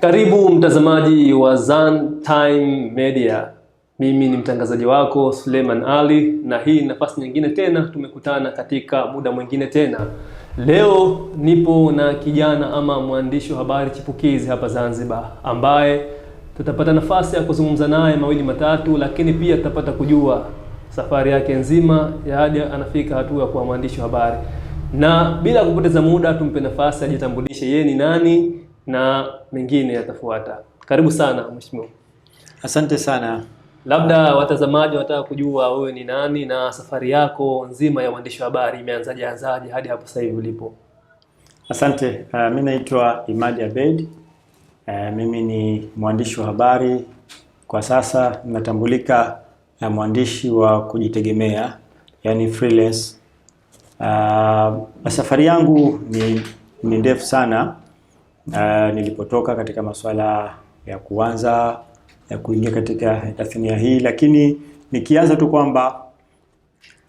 Karibu mtazamaji wa Zantime Media. Mimi ni mtangazaji wako Suleiman Ali na hii nafasi nyingine tena tumekutana katika muda mwingine tena. Leo nipo na kijana ama mwandishi wa habari chipukizi hapa Zanzibar ambaye tutapata nafasi ya kuzungumza naye mawili matatu, lakini pia tutapata kujua safari yake nzima ya hadi anafika hatua ya kuwa mwandishi wa habari. Na bila kupoteza muda, tumpe nafasi ajitambulishe yeye ni nani na mengine yatafuata. Karibu sana mheshimiwa. Asante sana. Labda watazamaji wanataka kujua wewe ni nani na safari yako nzima ya uandishi wa habari imeanzaje anzaje hadi hapo sasa hivi ulipo? Asante. Uh, ah, mimi naitwa Imadi Abed. Uh, ah, mimi ni mwandishi wa habari kwa sasa natambulika na mwandishi wa kujitegemea yani freelance. Uh, safari yangu ni, ni ndefu sana Uh, nilipotoka katika masuala ya kuanza ya kuingia katika tasnia hii, lakini nikianza tu kwamba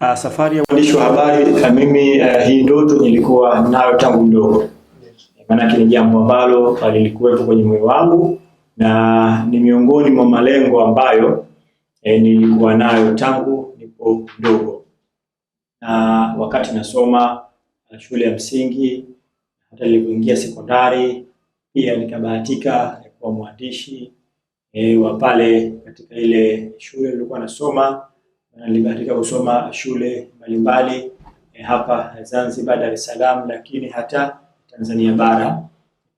uh, safari ya uandishi wa habari uh, mimi uh, hii ndoto nilikuwa nayo tangu mdogo, maanake ni jambo ambalo lilikuwepo kwenye moyo wangu na ni miongoni mwa malengo ambayo eh, nilikuwa nayo tangu nipo mdogo, na wakati nasoma shule ya msingi hata nilipoingia sekondari pia nikabahatika kuwa mwandishi e, wa pale katika ile shule nilikuwa nasoma, na nilibahatika kusoma shule mbalimbali e, hapa Zanzibar, Dar es Salaam, lakini hata Tanzania bara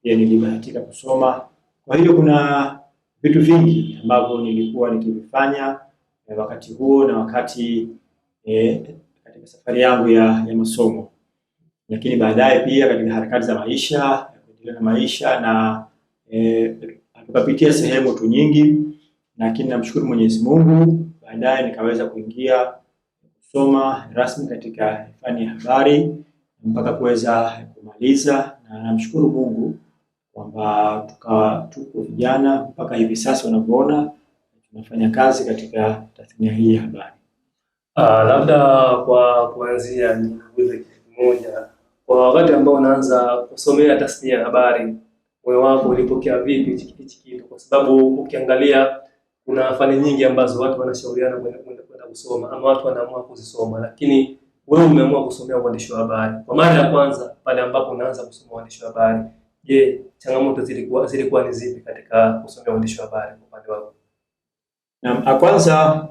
pia nilibahatika kusoma. Kwa hiyo kuna vitu vingi ambavyo nilikuwa nikivifanya e, wakati huo na wakati e, katika safari yangu ya, ya masomo, lakini baadaye pia katika harakati za maisha kuendelea na maisha na eh, tukapitia sehemu tu nyingi, lakini namshukuru Mwenyezi Mungu, baadaye nikaweza kuingia kusoma rasmi katika fani ya habari mpaka kuweza kumaliza, na namshukuru Mungu kwamba tukawa tuko vijana mpaka hivi sasa unavyoona tunafanya kazi katika tasnia hii ya habari. Uh, labda kwa kuanzia niulize kitu kimoja kwa wakati ambao unaanza kusomea tasnia ya habari, moyo wako ulipokea vipi hichi kitu? Kwa sababu ukiangalia kuna fani nyingi ambazo watu wanashauriana kwenda kusoma ama watu wanaamua kuzisoma, lakini wewe umeamua kusomea uandishi wa habari kwa mara ya kwanza. Pale ambapo unaanza kusoma uandishi wa habari, je, changamoto zilikuwa zilikuwa ni zipi katika kusomea uandishi wa habari kwa upande wako? Naam, kwanza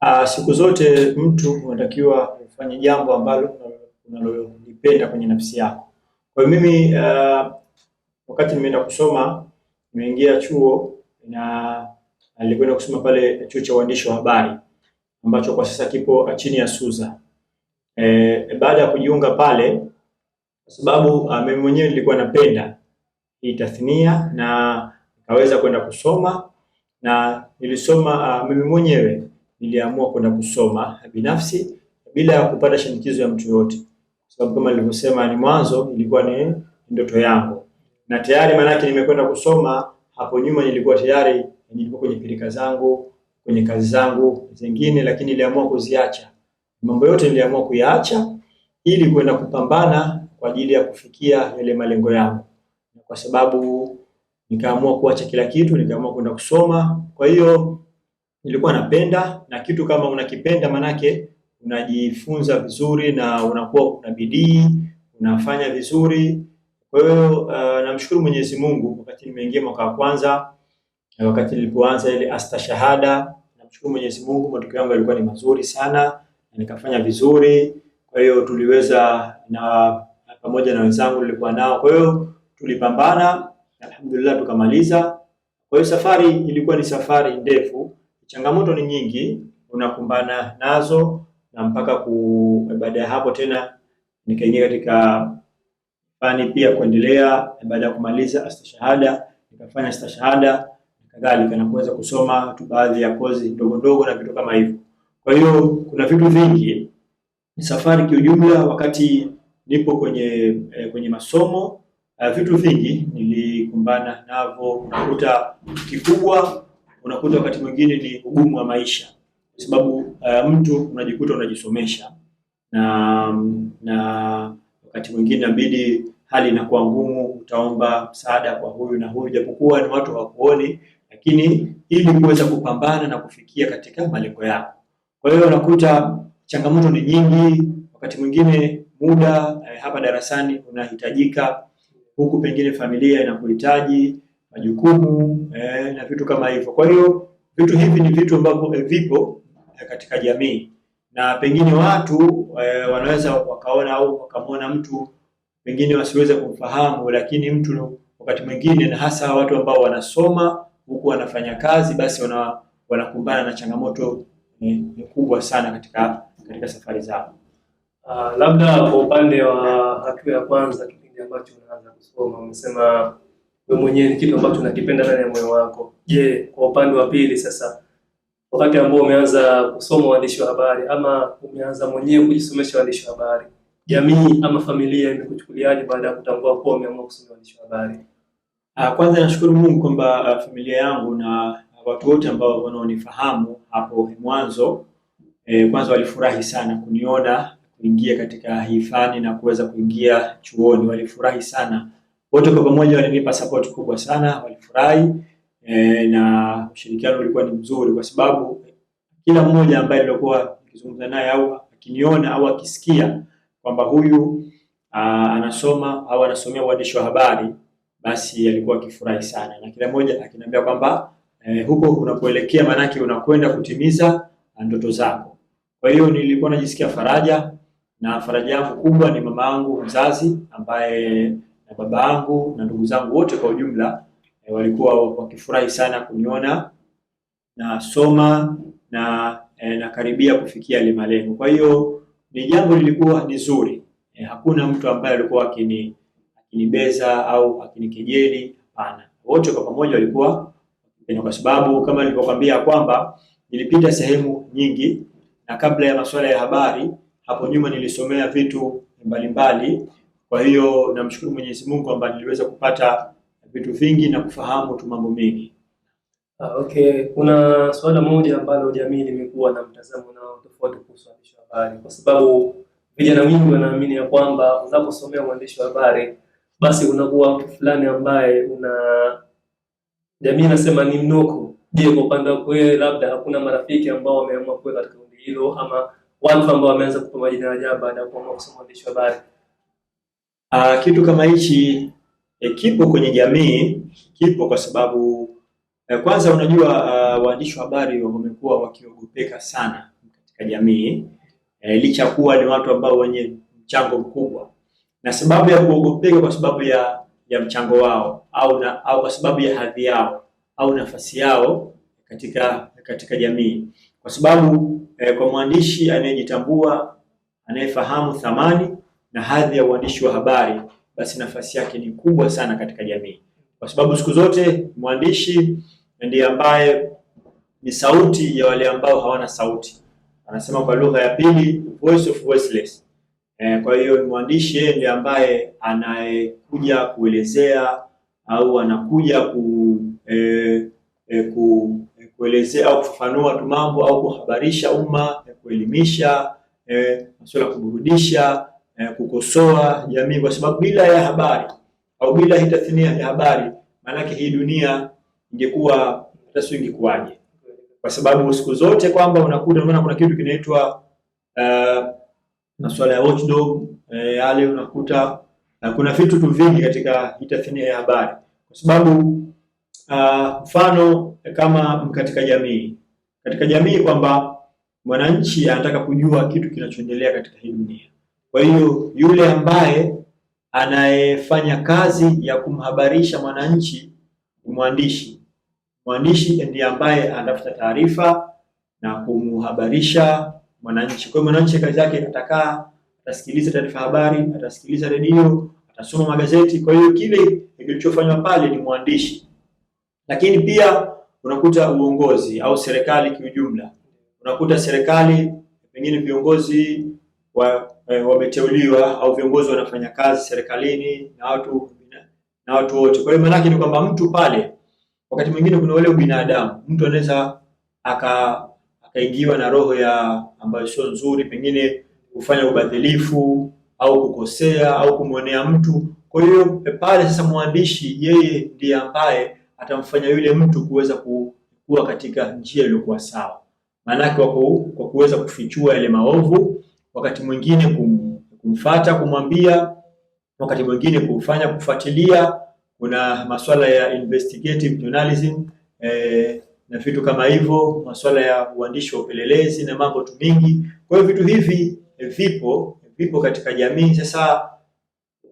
ah, siku zote mtu unatakiwa ufanye jambo ambalo unalo unavipenda kwenye nafsi yako. Kwa hiyo mimi uh, wakati nimeenda kusoma nimeingia chuo na nilikwenda kusoma pale chuo cha uandishi wa habari ambacho kwa sasa kipo chini ya Suza. E, baada ya kujiunga pale kwa sababu uh, mimi mwenyewe nilikuwa napenda hii tathnia na nikaweza kwenda kusoma na nilisoma uh, mimi mwenyewe niliamua kwenda kusoma binafsi bila ya kupata shinikizo ya mtu yoyote sababu kama nilivyosema ni mwanzo ilikuwa ni ndoto yangu, na tayari maanake nimekwenda kusoma. Hapo nyuma nilikuwa tayari nilikuwa kwenye pilika zangu kwenye kazi zangu zingine, lakini niliamua kuziacha mambo yote, niliamua kuyaacha ili kwenda kupambana kwa ajili ya kufikia yale malengo yangu, kwa sababu nikaamua kuacha kila kitu, nikaamua kwenda kusoma. Kwa hiyo nilikuwa napenda, na kitu kama unakipenda manake unajifunza vizuri na unakuwa una bidii, unafanya vizuri. Kwa hiyo uh, namshukuru Mwenyezi Mungu wakati nimeingia mwaka wa kwanza na wakati nilipoanza ile astashahada, namshukuru Mwenyezi Mungu, matokeo yangu yalikuwa ni mazuri sana na nikafanya vizuri. Kwa hiyo tuliweza na pamoja na wenzangu nilikuwa nao, kwa hiyo tulipambana, alhamdulillah tukamaliza. Kwa hiyo safari ilikuwa ni safari ndefu, changamoto ni nyingi unakumbana nazo na mpaka ku, baada ya hapo tena nikaingia katika fani pia kuendelea. Baada ya kumaliza astashahada nikafanya astashahada kadhalika na kuweza kusoma tu baadhi ya kozi ndogo ndogo na vitu kama hivyo. Kwa hiyo kuna vitu vingi, safari kiujumla. Wakati nipo kwenye eh, kwenye masomo uh, vitu vingi nilikumbana navyo. Unakuta kikubwa, unakuta wakati mwingine ni ugumu wa maisha kwa sababu uh, mtu unajikuta unajisomesha na na wakati mwingine inabidi hali inakuwa ngumu, utaomba msaada kwa huyu na huyu, japokuwa ni watu hawakuoni, lakini ili kuweza kupambana na kufikia katika malengo yako. Kwa hiyo unakuta changamoto ni nyingi, wakati mwingine muda eh, hapa darasani unahitajika, huku pengine familia inakuhitaji, majukumu eh, na vitu kama hivyo. Kwa hiyo vitu hivi ni vitu ambavyo eh, vipo Eh, katika jamii, na pengine watu e, wanaweza wakaona au wakamwona mtu pengine wasiweze kumfahamu, lakini mtu wakati mwingine, na hasa watu ambao wanasoma huku wanafanya kazi, basi wana, wanakumbana na changamoto ni eh, kubwa sana katika katika safari zao. Uh, labda kwa upande wa hatua ya kwanza, kipindi ambacho unaanza kusoma, umesema wewe mwenyewe ni kitu ambacho unakipenda ndani ya moyo wako. Je, kwa upande wa pili sasa wakati ambao umeanza kusoma uandishi wa habari ama umeanza mwenyewe kujisomesha uandishi wa habari, jamii ama familia imekuchukuliaje baada ya kutambua kuwa umeamua kusoma uandishi wa habari? Ah, kwanza nashukuru Mungu kwamba ah, familia yangu na watu wote ambao wanaonifahamu hapo mwanzo e, kwanza walifurahi sana kuniona kuingia katika hii fani na kuweza kuingia chuoni, walifurahi sana wote kwa pamoja, walinipa support kubwa sana, walifurahi e, na ushirikiano ulikuwa ni mzuri, kwa sababu kila mmoja ambaye nilikuwa nikizungumza naye au akiniona au akisikia kwamba huyu aa, ah, anasoma au anasomea uandishi wa habari, basi alikuwa akifurahi sana, na kila mmoja akiniambia kwamba e, huko unapoelekea maanake unakwenda kutimiza ah, ndoto zako. Kwa hiyo nilikuwa najisikia faraja na faraja yangu kubwa ni mama yangu mzazi ambaye na baba yangu na ndugu zangu wote kwa ujumla Eh, walikuwa wakifurahi sana kuniona nasoma na e, nakaribia eh, kufikia ile malengo. Kwa hiyo ni jambo lilikuwa ni zuri e, hakuna mtu ambaye alikuwa akini akinibeza au akinikejeli. Hapana, wote kwa pamoja walikuwa na, kwa sababu kama nilivyokwambia kwamba nilipita sehemu nyingi, na kabla ya masuala ya habari hapo nyuma nilisomea vitu mbalimbali. Kwa hiyo namshukuru Mwenyezi Mungu kwamba niliweza kupata vitu vingi na kufahamu tu mambo mengi. Ah, okay. Kuna swala moja ambalo jamii limekuwa na mtazamo nao tofauti kuhusu waandishi wa habari, kwa sababu vijana wengi wanaamini ya kwamba unaposomea mwandishi wa habari basi unakuwa mtu fulani ambaye una jamii inasema ni mnoko. Je, kwa upande wako wewe, labda hakuna marafiki ambao wameamua kuwa katika kundi hilo ama watu ambao wameanza kupa majina ya ajabu baada ya kuamua kusoma uandishi wa habari? Ah, kitu kama hichi E, kipo kwenye jamii, kipo kwa sababu e, kwanza unajua uh, waandishi wa habari wamekuwa wakiogopeka sana katika jamii e, licha kuwa ni watu ambao wenye mchango mkubwa, na sababu ya kuogopeka kwa sababu ya ya mchango wao au na, au kwa sababu ya hadhi yao au nafasi yao katika katika jamii, kwa sababu eh, kwa mwandishi anayejitambua anayefahamu thamani na hadhi ya uandishi wa habari basi nafasi yake ni kubwa sana katika jamii, kwa sababu siku zote mwandishi ndiye ambaye ni sauti ya wale ambao hawana sauti, anasema kwa lugha ya pili, voice of voiceless. E, kwa hiyo mwandishi yeye ndiye ambaye anayekuja kuelezea au anakuja ku, e, e, ku kuelezea au kufafanua tu mambo au kuhabarisha umma, kuelimisha, e, masuala ya kuburudisha eh, kukosoa jamii, kwa sababu bila ya habari au bila hii tasnia ya habari, maanake hii dunia ingekuwa hata sio ingekuwaje, kwa sababu siku zote kwamba unakuta unaona kuna kitu kinaitwa uh, eh, masuala ya watchdog eh, yale eh, unakuta na kuna vitu tu vingi katika hii tasnia ya habari kwa sababu ah, mfano uh, kama katika jamii katika jamii kwamba mwananchi anataka kujua kitu kinachoendelea katika hii dunia. Kwa hiyo yule ambaye anayefanya kazi ya kumhabarisha mwananchi ni mwandishi. Mwandishi ndiye ambaye anatafuta taarifa na kumhabarisha mwananchi. Kwa hiyo mwananchi kazi yake atakaa, atasikiliza taarifa habari, atasikiliza redio, atasoma magazeti. Kwa hiyo kile kilichofanywa pale ni mwandishi. Lakini pia unakuta uongozi au serikali kiujumla, unakuta serikali pengine viongozi wa e, wameteuliwa au viongozi wanafanya kazi serikalini na watu na watu wote. Kwa hiyo maana yake ni kwamba mtu pale, wakati mwingine kuna ule ubinadamu, mtu anaweza aka akaingiwa na roho ya ambayo sio nzuri, pengine kufanya ubadhilifu au kukosea au kumwonea mtu. Kwa hiyo eh, pale sasa mwandishi yeye ndiye ambaye atamfanya yule mtu kuweza kukua katika njia iliyokuwa sawa, maanake kwa kuweza kufichua yale maovu wakati mwingine kum, kumfata kumwambia, wakati mwingine kufanya kufuatilia. Kuna masuala ya investigative journalism eh, na vitu kama hivyo, masuala ya uandishi wa upelelezi na mambo tu mingi. Kwa hiyo vitu hivi eh, vipo vipo katika jamii sasa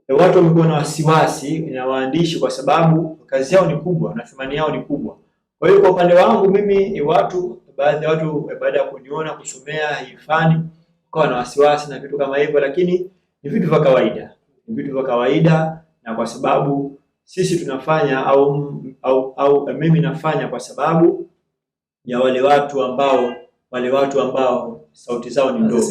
eh, watu wamekuwa na wasiwasi na waandishi kwa sababu kazi yao ni kubwa na thamani yao ni kubwa. Kwa hiyo kwa upande wangu mimi, eh, watu baadhi ya watu eh, baada ya kuniona kusomea hii fani ukawa na wasiwasi na vitu kama hivyo, lakini ni vitu vya kawaida, ni vitu vya kawaida, na kwa sababu sisi tunafanya au, au, au mimi nafanya kwa sababu ya wale watu ambao wale watu ambao sauti zao ni ndogo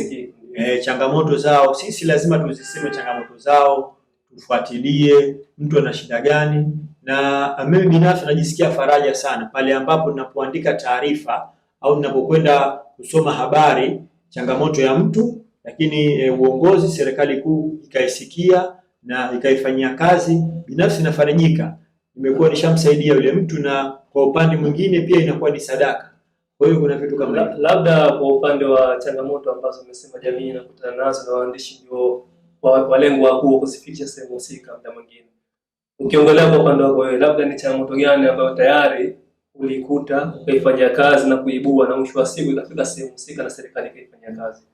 e, changamoto zao sisi lazima tuziseme changamoto zao, tufuatilie mtu ana shida gani. Na mimi binafsi najisikia faraja sana pale ambapo ninapoandika taarifa au ninapokwenda kusoma habari changamoto ya mtu, lakini e, uongozi serikali kuu ikaisikia na ikaifanyia kazi, binafsi inafarijika, imekuwa nishamsaidia yule mtu, na kwa upande mwingine pia inakuwa ni sadaka. Kwa hiyo kuna vitu kama hivyo. Labda kwa upande wa changamoto ambazo umesema jamii inakutana nazo na waandishi ndio walengwa wakuu kusifikisha sehemu husika, muda mwingine ukiongelea kwa upande wako wewe, labda ni changamoto gani ambayo tayari ulikuta ukaifanyia kazi na kuibua, na mwisho wa siku ikafika sehemu husika na serikali ikaifanyia kazi?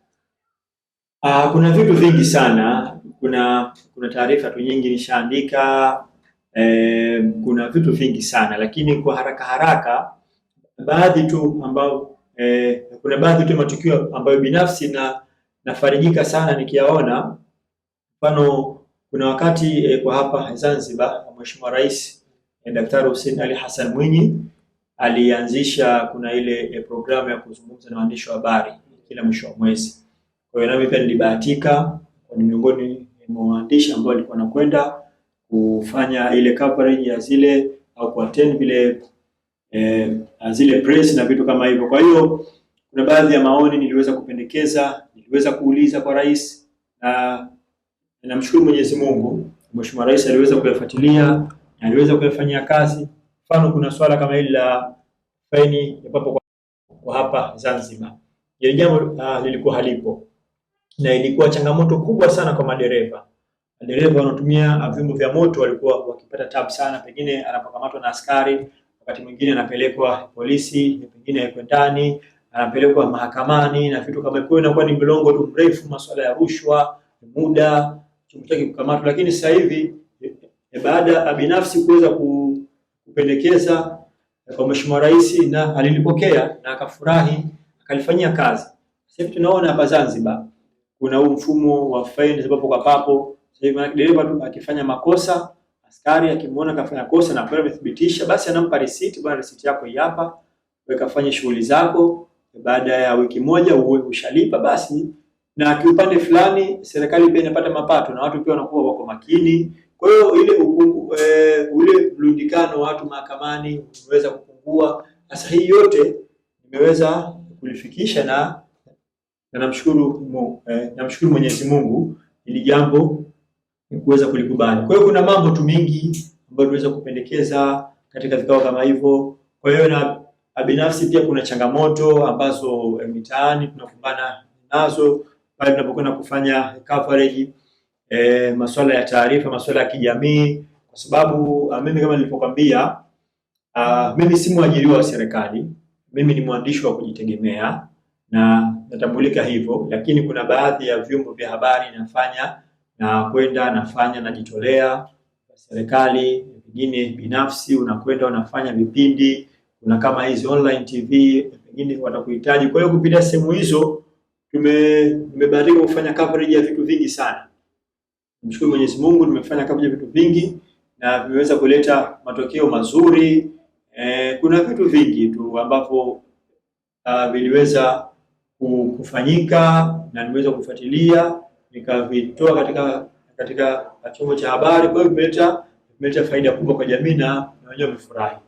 Uh, kuna vitu vingi sana. Kuna kuna taarifa tu nyingi nishaandika. Eh, kuna vitu vingi sana lakini kwa haraka haraka baadhi tu ambao eh, kuna baadhi tu matukio ambayo binafsi na nafarijika sana nikiyaona. Mfano, kuna wakati eh, kwa hapa Zanzibar Mheshimiwa Rais eh, Daktari Hussein Ali Hassan Mwinyi alianzisha kuna ile eh, programu ya kuzungumza na waandishi wa habari kila mwisho wa mwezi. Kwa hiyo nami pia nilibahatika, ni miongoni mwa waandishi ambao alikuwa nakwenda kufanya ile coverage ya zile au kuattend vile eh, zile press na vitu kama hivyo. Kwa hiyo kuna baadhi ya maoni niliweza kupendekeza, niliweza kuuliza kwa rais, na namshukuru Mwenyezi Mungu, Mheshimiwa Rais aliweza kuyafuatilia na aliweza kuyafanyia kazi. Mfano, kuna swala kama hili la faini ya papo kwa hapa Zanzibar. ile jambo uh, lilikuwa halipo na ilikuwa changamoto kubwa sana kwa madereva. Madereva wanaotumia vyombo vya moto walikuwa wakipata tabu sana, pengine anapokamatwa na askari, wakati mwingine anapelekwa polisi, pengine yuko ndani, anapelekwa mahakamani na vitu kama hivyo. Inakuwa ni mlongo tu mrefu, masuala ya rushwa, muda chombo chake kukamatwa. Lakini sasa hivi eh, eh, baada ya binafsi kuweza ku kupendekeza eh, kwa Mheshimiwa Rais na alilipokea na akafurahi akalifanyia kazi. Sasa hivi tunaona hapa Zanzibar kuna huu mfumo wa faini sababu kwa papo. Sasa hivi dereva tu akifanya makosa, askari akimuona kafanya kosa na kweli amethibitisha, basi anampa receipt, bwana, receipt yako hii hapa, wewe kafanye shughuli zako, baada ya wiki moja uwe ushalipa basi. Na kiupande fulani serikali pia inapata mapato na watu pia wanakuwa wako makini. Kwa hiyo ile ukungu, e, eh, ule mlundikano watu mahakamani umeweza kupungua. Sasa hii yote nimeweza kulifikisha na na namshukuru Mungu, eh, namshukuru Mwenyezi Mungu ili jambo kuweza kulikubali. Kwa hiyo kuna mambo tu mengi ambayo tunaweza kupendekeza katika vikao kama hivyo. Kwa hiyo na binafsi pia kuna changamoto ambazo eh, mitaani tunakumbana nazo pale tunapokwenda kufanya coverage e, eh, masuala ya taarifa, masuala ya kijamii, kwa sababu ah, mimi kama nilivyokwambia, ah, mimi si mwajiriwa wa serikali, mimi ni mwandishi wa kujitegemea na natambulika hivyo, lakini kuna baadhi ya vyombo vya habari nafanya na kwenda nafanya najitolea serikali, pengine binafsi, unakwenda unafanya vipindi, kuna kama hizi online TV pengine watakuhitaji. Kwa hiyo kupitia sehemu hizo tumebadilika kufanya coverage ya vitu vingi sana. Mshukuru Mwenyezi Mungu, nimefanya kabla vitu vingi na vimeweza kuleta matokeo mazuri. E, kuna vitu vingi tu ambavyo ah, viliweza kufanyika na nimeweza kufuatilia nikavitoa katika katika chombo cha habari. Kwa hiyo vimeleta vimeleta faida kubwa kwa jamii na wenyewe wamefurahi.